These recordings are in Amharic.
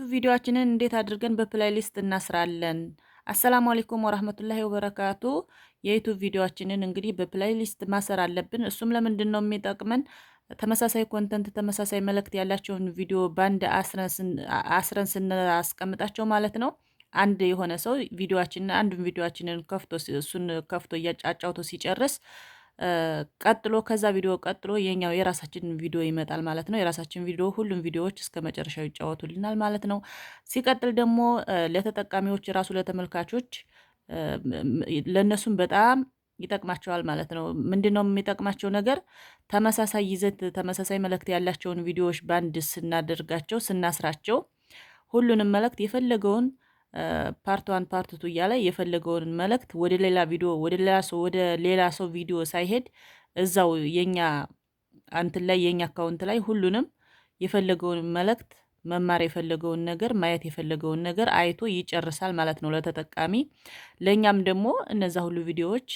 ዩቱብ ቪዲዮችንን እንዴት አድርገን በፕላይሊስት እናስራለን። አሰላሙ አሌይኩም ወራህመቱላሂ ወበረካቱ። የዩቱብ ቪዲዮችንን እንግዲህ በፕላይሊስት ማሰር አለብን። እሱም ለምንድን ነው የሚጠቅመን? ተመሳሳይ ኮንተንት ተመሳሳይ መልእክት ያላቸውን ቪዲዮ በአንድ አስረን ስናስቀምጣቸው ማለት ነው። አንድ የሆነ ሰው ቪዲዮችንን አንዱን ቪዲዮችንን ከፍቶ እሱን ከፍቶ እያጫጫውቶ ሲጨርስ ቀጥሎ ከዛ ቪዲዮ ቀጥሎ የኛው የራሳችን ቪዲዮ ይመጣል ማለት ነው። የራሳችን ቪዲዮ ሁሉም ቪዲዮዎች እስከ መጨረሻው ይጫወቱልናል ማለት ነው። ሲቀጥል ደግሞ ለተጠቃሚዎች ራሱ ለተመልካቾች ለእነሱም በጣም ይጠቅማቸዋል ማለት ነው። ምንድን ነው የሚጠቅማቸው ነገር ተመሳሳይ ይዘት፣ ተመሳሳይ መልእክት ያላቸውን ቪዲዮዎች በአንድ ስናደርጋቸው ስናስራቸው ሁሉንም መልእክት የፈለገውን ፓርት ዋን ፓርት ቱ እያለ የፈለገውን መልእክት ወደ ሌላ ቪዲዮ ወደ ሌላ ሰው ወደ ሌላ ሰው ቪዲዮ ሳይሄድ እዛው የኛ አንትን ላይ የኛ አካውንት ላይ ሁሉንም የፈለገውን መልእክት መማር የፈለገውን ነገር ማየት የፈለገውን ነገር አይቶ ይጨርሳል ማለት ነው ለተጠቃሚ። ለእኛም ደግሞ እነዛ ሁሉ ቪዲዮዎች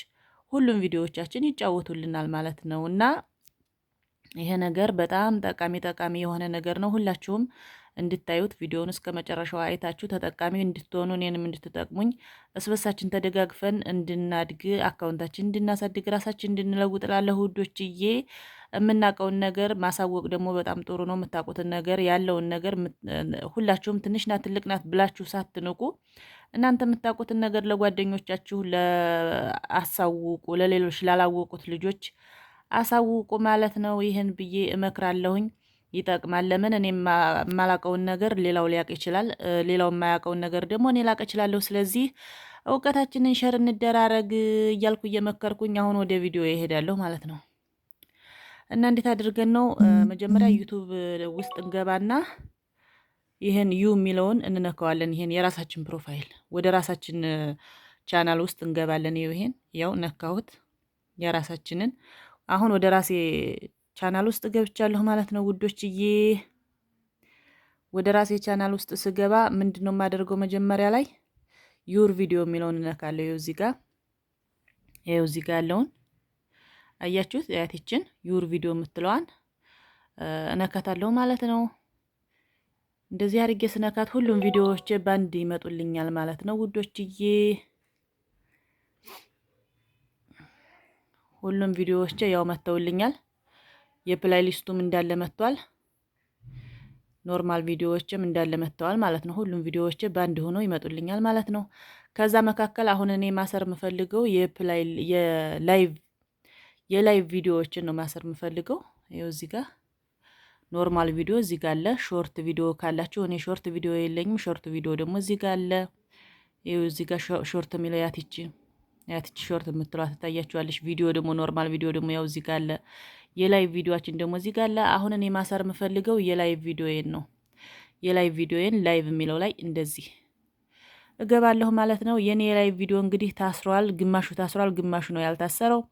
ሁሉም ቪዲዮዎቻችን ይጫወቱልናል ማለት ነው እና ይሄ ነገር በጣም ጠቃሚ ጠቃሚ የሆነ ነገር ነው ሁላችሁም እንድታዩት ቪዲዮውን እስከ መጨረሻው አይታችሁ ተጠቃሚ እንድትሆኑ እኔንም እንድትጠቅሙኝ እስበሳችን ተደጋግፈን እንድናድግ አካውንታችን እንድናሳድግ ራሳችን እንድንለውጥ ላለሁ ውዶችዬ የምናውቀውን ነገር ማሳወቅ ደግሞ በጣም ጥሩ ነው። የምታውቁትን ነገር ያለውን ነገር ሁላችሁም ትንሽ ናት ትልቅ ናት ብላችሁ ሳትንቁ እናንተ የምታውቁትን ነገር ለጓደኞቻችሁ ለአሳውቁ፣ ለሌሎች ላላወቁት ልጆች አሳውቁ ማለት ነው። ይህን ብዬ እመክራለሁኝ። ይጠቅማል። ለምን እኔ የማላቀውን ነገር ሌላው ሊያቅ ይችላል፣ ሌላው የማያውቀውን ነገር ደግሞ እኔ ላቅ እችላለሁ። ስለዚህ እውቀታችንን ሸር እንደራረግ እያልኩ እየመከርኩኝ አሁን ወደ ቪዲዮ ይሄዳለሁ ማለት ነው። እና እንዴት አድርገን ነው መጀመሪያ ዩቱብ ውስጥ እንገባና ይህን ዩ የሚለውን እንነካዋለን። ይሄን የራሳችን ፕሮፋይል ወደ ራሳችን ቻናል ውስጥ እንገባለን። ይሄን ያው ነካሁት የራሳችንን አሁን ወደ ራሴ ቻናል ውስጥ ገብቻለሁ ማለት ነው ውዶችዬ። ወደ ራሴ ቻናል ውስጥ ስገባ ምንድን ነው የማደርገው? መጀመሪያ ላይ ዩር ቪዲዮ የሚለውን እነካለሁ። ይኸው እዚህ ጋር ይኸው እዚህ ጋር ያለውን አያችሁት? ያቲችን ዩር ቪዲዮ የምትለዋን እነካታለሁ ማለት ነው። እንደዚህ አድርጌ ስነካት ሁሉም ቪዲዮዎቼ በአንድ ይመጡልኛል ማለት ነው ውዶችዬ። ሁሉም ቪዲዮዎቼ ያው መተውልኛል። የፕላይሊስቱም እንዳለ መጥቷል። ኖርማል ቪዲዮዎችም እንዳለ መጥተዋል ማለት ነው። ሁሉም ቪዲዮዎች በአንድ ሆኖ ይመጡልኛል ማለት ነው። ከዛ መካከል አሁን እኔ ማሰር የምፈልገው የላይቭ ቪዲዮዎችን ነው ማሰር የምፈልገው። ይኸው እዚህ ጋር ኖርማል ቪዲዮ እዚህ ጋር አለ። ሾርት ቪዲዮ ካላችሁ እኔ ሾርት ቪዲዮ የለኝም። ሾርት ቪዲዮ ደግሞ እዚህ ጋር አለ። ይኸው እዚህ ጋር ሾርት የሚለው ያትቺ ያትቺ ሾርት የምትሏ ትታያችኋለች። ቪዲዮ ደግሞ ኖርማል ቪዲዮ ደግሞ ያው እዚህ ጋር አለ። የላይቭ ቪዲዮችን ደግሞ እዚህ ጋር አሁን እኔ ማሰር የምፈልገው የላይቭ ቪዲዮዬን ነው። የላይቭ ቪዲዮዬን ላይቭ የሚለው ላይ እንደዚህ እገባለሁ ማለት ነው። የኔ የላይቭ ቪዲዮ እንግዲህ ታስሯል፣ ግማሹ ታስሯል፣ ግማሹ ነው ያልታሰረው።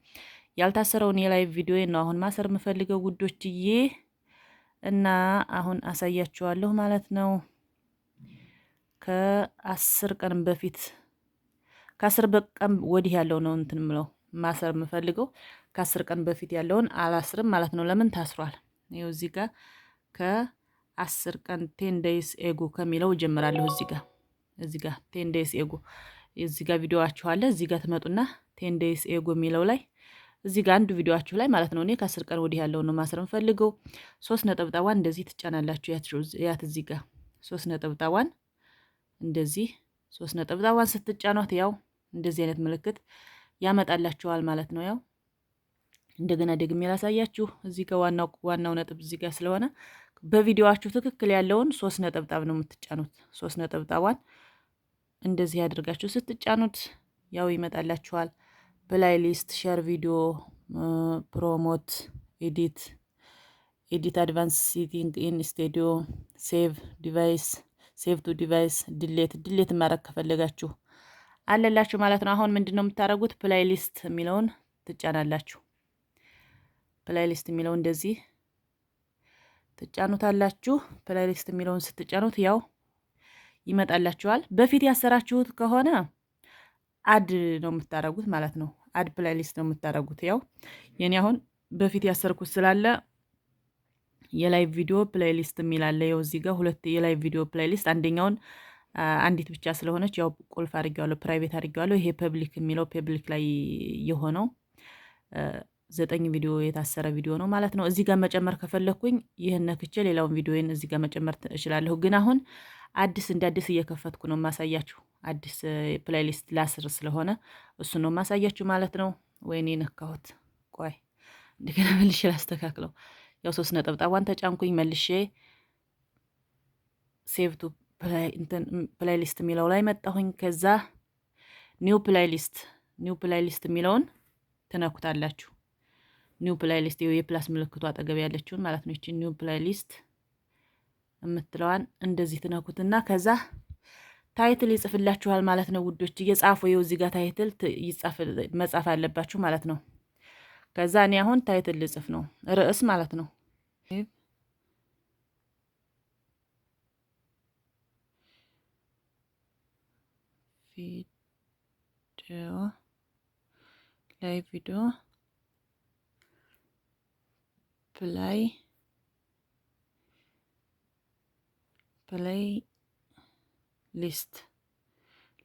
ያልታሰረውን የላይቭ ቪዲዮዬን ነው አሁን ማሰር የምፈልገው ውዶችዬ፣ እና አሁን አሳያችኋለሁ ማለት ነው። ከአስር ቀን በፊት ከአስር በቀን ወዲህ ያለው ነው እንትን ምለው ማሰር የምፈልገው ከአስር ቀን በፊት ያለውን አላስርም ማለት ነው። ለምን ታስሯል? ይኸው እዚህ ጋር ከአስር ቀን ቴን ደይስ ኤጎ ከሚለው እጀምራለሁ። እዚህ ጋር እዚህ ጋር ቴን ደይስ ኤጎ እዚህ ጋር ቪዲዮዋችሁ አለ። እዚህ ጋር ትመጡና ቴን ደይስ ኤጎ የሚለው ላይ እዚህ ጋር አንዱ ቪዲዮዋችሁ ላይ ማለት ነው። እኔ ከአስር ቀን ወዲህ ያለውን ነው ማሰር የምፈልገው። ሶስት ነጠብጣዋን እንደዚህ ትጫናላችሁ። ያት እዚህ ጋር ሶስት ነጠብጣዋን እንደዚህ ሶስት ነጠብጣዋን ስትጫኗት ያው እንደዚህ አይነት ምልክት ያመጣላችኋል ማለት ነው። ያው እንደገና ደግሜ ላሳያችሁ። እዚህ ጋር ዋናው ዋናው ነጥብ እዚህ ጋር ስለሆነ በቪዲዮችሁ ትክክል ያለውን ሶስት ነጠብጣብ ነው የምትጫኑት። ሶስት ነጠብጣቧን እንደዚህ ያደርጋችሁ ስትጫኑት ያው ይመጣላችኋል። ፕላይሊስት፣ ሼር ቪዲዮ፣ ፕሮሞት፣ ኤዲት ኤዲት፣ አድቫንስ ሲቲንግ ኢን ስቱዲዮ፣ ሴቭ ዲቫይስ፣ ሴቭ ቱ ዲቫይስ፣ ድሌት ድሌት ማድረግ ከፈለጋችሁ አለላችሁ ማለት ነው። አሁን ምንድን ነው የምታደርጉት? ፕላይሊስት የሚለውን ትጫናላችሁ። ፕላይሊስት የሚለው እንደዚህ ትጫኑታላችሁ። ፕላይሊስት የሚለውን ስትጫኑት ያው ይመጣላችኋል። በፊት ያሰራችሁት ከሆነ አድ ነው የምታደርጉት ማለት ነው። አድ ፕላይሊስት ነው የምታደርጉት። ያው የኔ አሁን በፊት ያሰርኩት ስላለ የላይቭ ቪዲዮ ፕላይሊስት የሚላለ የው እዚህ ጋር ሁለት የላይቭ ቪዲዮ ፕላይሊስት አንደኛውን አንዲት ብቻ ስለሆነች ያው ቁልፍ አድርጌዋለሁ፣ ፕራይቬት አድርጌዋለሁ። ይሄ ፐብሊክ የሚለው ፐብሊክ ላይ የሆነው ዘጠኝ ቪዲዮ የታሰረ ቪዲዮ ነው ማለት ነው። እዚህ ጋር መጨመር ከፈለግኩኝ ይህን ነክቼ ሌላውን ቪዲዮን እዚህ ጋር መጨመር እችላለሁ። ግን አሁን አዲስ እንደ አዲስ እየከፈትኩ ነው ማሳያችሁ። አዲስ ፕላይሊስት ላስር ስለሆነ እሱ ነው ማሳያችሁ ማለት ነው። ወይኔ ነካሁት። ቆይ እንደገና መልሼ ላስተካክለው። ያው ሶስት ነጠብጣቧን ተጫንኩኝ መልሼ ሴቭ ቱ ፕላይሊስት የሚለው ላይ መጣሁኝ። ከዛ ኒው ፕላይሊስት ኒው ፕላይሊስት የሚለውን ትነኩታላችሁ። ኒው ፕሌይሊስት የፕላስ ምልክቱ አጠገብ ያለችውን ማለት ነው። ኒው ፕላይሊስት የምትለዋን እንደዚህ ትነኩትና ከዛ ታይትል ይጽፍላችኋል ማለት ነው ውዶች፣ እየጻፉ የው እዚህ ጋር ታይትል መጻፍ አለባችሁ ማለት ነው። ከዛ እኔ አሁን ታይትል ልጽፍ ነው ርዕስ ማለት ነው። ቪዲዮ ላይ ቪዲዮ ፕላይ ፕላይ ሊስት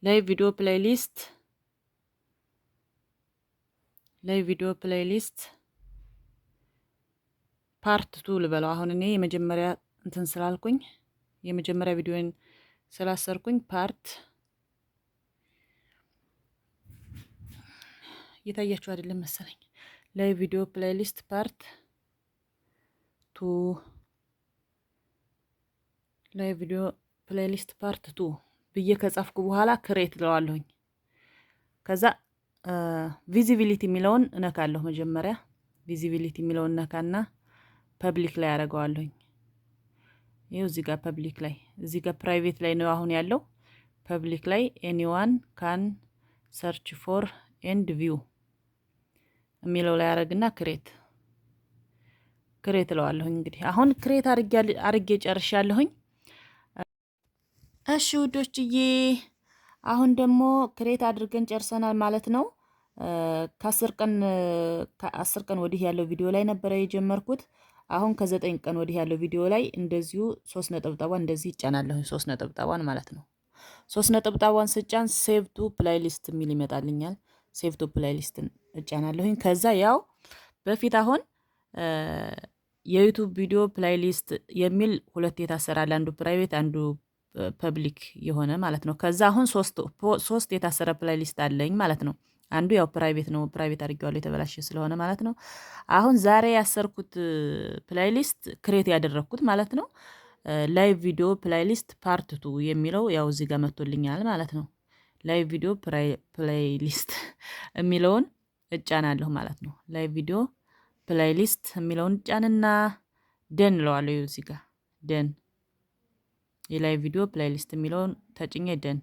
ላይ ቪዲዮ ፕላይ ሊስት ላይ ቪዲዮ ፕላይ ሊስት ፓርት ቱ ልበለው። አሁን እኔ የመጀመሪያ እንትን ስላልኩኝ የመጀመሪያ ቪዲዮን ስላሰርኩኝ ፓርት እየታያችሁ አይደለም መሰለኝ። ለቪዲዮ ፕሌሊስት ፓርት ቱ ለቪዲዮ ፕሌሊስት ፓርት ቱ ብዬ ከጻፍኩ በኋላ ክሬት ለዋለሁኝ። ከዛ ቪዚቢሊቲ የሚለውን እነካለሁ። መጀመሪያ ቪዚቢሊቲ የሚለውን እነካና ፐብሊክ ላይ አደርገዋለሁኝ። ይኸው እዚህ ጋር ፐብሊክ ላይ እዚህ ጋር ፕራይቬት ላይ ነው አሁን ያለው። ፐብሊክ ላይ ኤኒዋን ካን ሰርች ፎር ኤንድ ቪው የሚለው ላይ አረግና ክሬት ክሬት እለዋለሁኝ። እንግዲህ አሁን ክሬት አርጌ ጨርሻለሁኝ። እሺ ውዶችዬ፣ አሁን ደግሞ ክሬት አድርገን ጨርሰናል ማለት ነው። ከአስር ቀን ከአስር ቀን ወዲህ ያለው ቪዲዮ ላይ ነበረ የጀመርኩት። አሁን ከዘጠኝ ቀን ወዲህ ያለው ቪዲዮ ላይ እንደዚሁ ሶስት ነጠብጣቧን እንደዚህ ይጫናለሁኝ። ሶስት ነጠብጣቧን ማለት ነው። ሶስት ነጠብጣቧን ስጫን ሴቭ ቱ ፕላይሊስት የሚል ይመጣልኛል። ሴቭ ቱ ፕላይሊስትን እጫናለሁኝ። ከዛ ያው በፊት አሁን የዩቱብ ቪዲዮ ፕላይሊስት የሚል ሁለት የታሰራል፣ አንዱ ፕራይቬት አንዱ ፐብሊክ የሆነ ማለት ነው። ከዛ አሁን ሶስት የታሰረ ፕላይሊስት አለኝ ማለት ነው። አንዱ ያው ፕራይቬት ነው፣ ፕራይቬት አድርጌዋለሁ የተበላሸ ስለሆነ ማለት ነው። አሁን ዛሬ ያሰርኩት ፕላይሊስት ክሬት ያደረግኩት ማለት ነው ላይቭ ቪዲዮ ፕላይሊስት ፓርት ቱ የሚለው ያው እዚህ ጋር መጥቶልኛል ማለት ነው። ላይቭ ቪዲዮ ፕላይሊስት የሚለውን እጫናለሁ ማለት ነው። ላይ ቪዲዮ ፕላይሊስት የሚለውን እጫንና ደን እለዋለሁ። ይኸው እዚህ ጋር ደን የላይ ቪዲዮ ፕላይሊስት የሚለውን ተጭኜ ደን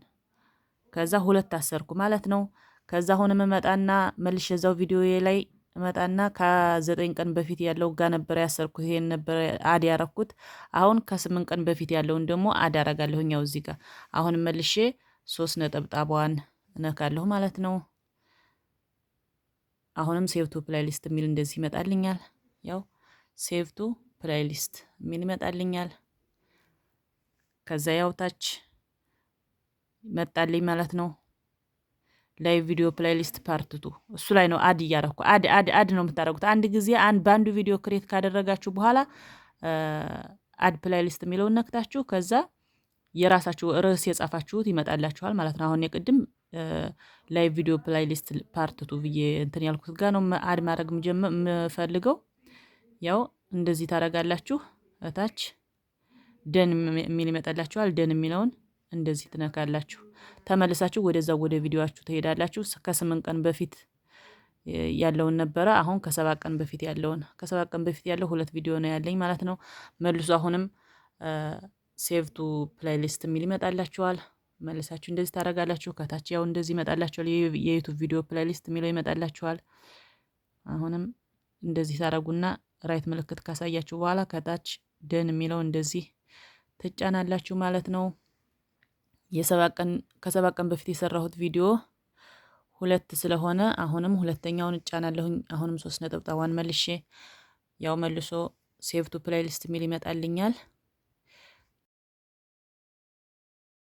ከዛ ሁለት አሰርኩ ማለት ነው። ከዛ አሁን እመጣና መልሽ የዛው ቪዲዮ ላይ እመጣና ከዘጠኝ ቀን በፊት ያለው ጋ ነበረ ያሰርኩት። ይሄን ነበረ አድ ያረኩት። አሁን ከስምንት ቀን በፊት ያለውን ደግሞ አድ አረጋለሁኛው እዚህ ጋር አሁን መልሼ ሶስት ነጠብጣቧን እነካለሁ ማለት ነው። አሁንም ሴቭቱ ፕላይሊስት የሚል እንደዚህ ይመጣልኛል። ያው ሴቭቱ ፕላይሊስት የሚል ይመጣልኛል። ከዛ ያውታች መጣልኝ ማለት ነው። ላይ ቪዲዮ ፕላይሊስት ፓርት ቱ እሱ ላይ ነው አድ እያረኩ አድ አድ አድ ነው የምታደረጉት። አንድ ጊዜ በአንዱ ቪዲዮ ክሬት ካደረጋችሁ በኋላ አድ ፕላይሊስት የሚለውን ነክታችሁ ከዛ የራሳችሁ ርዕስ የጻፋችሁት ይመጣላችኋል ማለት ነው። አሁን የቅድም ላይቭ ቪዲዮ ፕላይሊስት ፓርት ቱ ብዬ እንትን ያልኩት ጋር ነው አድ ማድረግ የምፈልገው። ያው እንደዚህ ታደርጋላችሁ። እታች ደን የሚል ይመጣላችኋል። ደን የሚለውን እንደዚህ ትነካላችሁ። ተመልሳችሁ ወደዛ ወደ ቪዲዮችሁ ትሄዳላችሁ። ከስምንት ቀን በፊት ያለውን ነበረ። አሁን ከሰባት ቀን በፊት ያለውን ከሰባት ቀን በፊት ያለው ሁለት ቪዲዮ ነው ያለኝ ማለት ነው። መልሱ አሁንም ሴቭ ቱ ፕላይሊስት የሚል ይመጣላችኋል። መልሳችሁ እንደዚህ ታደርጋላችሁ። ከታች ያው እንደዚህ ይመጣላችኋል። የዩቱብ ቪዲዮ ፕሌሊስት የሚለው ይመጣላችኋል። አሁንም እንደዚህ ታደርጉና ራይት ምልክት ካሳያችሁ በኋላ ከታች ደን የሚለው እንደዚህ ትጫናላችሁ ማለት ነው። ከሰባ ቀን በፊት የሰራሁት ቪዲዮ ሁለት ስለሆነ አሁንም ሁለተኛውን እጫናለሁኝ። አሁንም ሶስት ነጠብጣዋን መልሼ ያው መልሶ ሴቭ ቱ ፕሌሊስት የሚል ይመጣልኛል።